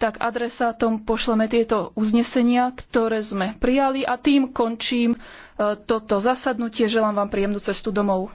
tak adresátom pošleme tieto uznesenia, ktoré sme prijali a tým končím e, toto zasadnutie. Želám vám príjemnú cestu domov.